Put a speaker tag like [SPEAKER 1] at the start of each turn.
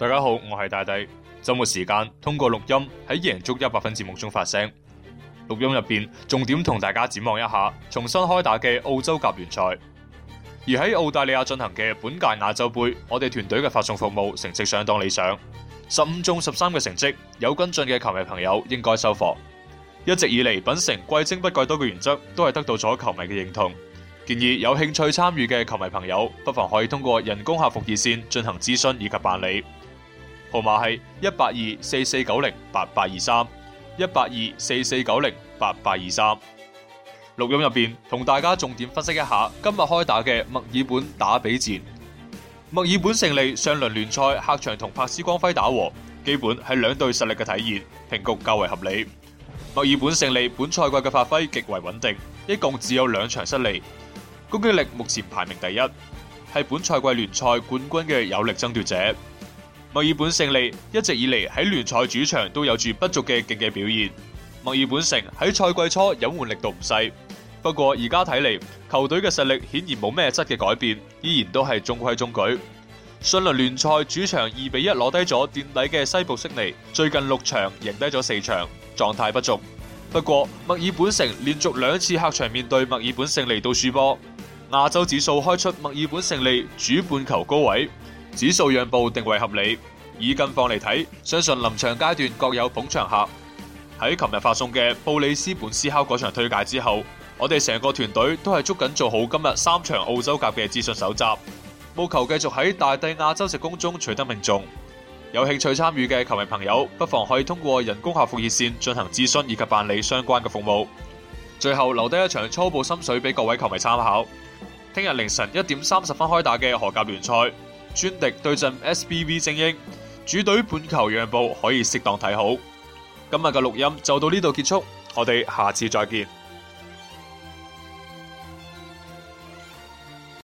[SPEAKER 1] 大家好，我係大帝周末時間通過錄音喺贏足一百分節目中發聲。錄音入邊重點同大家展望一下重新開打嘅澳洲甲聯賽，而喺澳大利亞進行嘅本屆亞洲杯，我哋團隊嘅發送服務成績相當理想，十五中十三嘅成績有跟進嘅球迷朋友應該收穫。一直以嚟，秉承貴精不貴多嘅原則都係得到咗球迷嘅認同。建議有興趣參與嘅球迷朋友，不妨可以通過人工客服熱線進行諮詢以及辦理。號碼係一八二四四九零八八二三，一八二四四九零八八二三。錄音入邊同大家重點分析一下今日開打嘅墨爾本打比戰。墨爾本勝利上輪聯賽客場同珀斯光輝打和，基本係兩隊實力嘅體現，平局較為合理。墨爾本勝利本賽季嘅發揮極為穩定，一共只有兩場失利，攻擊力目前排名第一，係本賽季聯賽冠軍嘅有力爭奪者。墨爾本勝利一直以嚟喺聯賽主場都有住不俗嘅競技表現，墨爾本城喺賽季初隱換力度唔細，不過而家睇嚟球隊嘅實力顯然冇咩質嘅改變，依然都係中規中矩。上輪聯賽主場二比一攞低咗墊底嘅西部悉尼，最近六場贏低咗四場，狀態不俗。不過墨爾本城連續兩次客場面對墨爾本勝利都輸波，亞洲指數開出墨爾本勝利主半球高位。指數讓步定位合理，以近況嚟睇，相信臨場階段各有捧場客。喺琴日發送嘅布里斯本思考嗰場推介之後，我哋成個團隊都係捉緊做好今日三場澳洲甲嘅資訊搜集，務求繼續喺大帝亞洲直攻中取得命中。有興趣參與嘅球迷朋友，不妨可以通過人工客服熱線進行諮詢以及辦理相關嘅服務。最後留低一場初步心水俾各位球迷參考。聽日凌晨一點三十分開打嘅荷甲聯賽。專敵對陣 S B V 精英，主隊半球讓步可以適當睇好。今日嘅錄音就到呢度結束，我哋下次再見。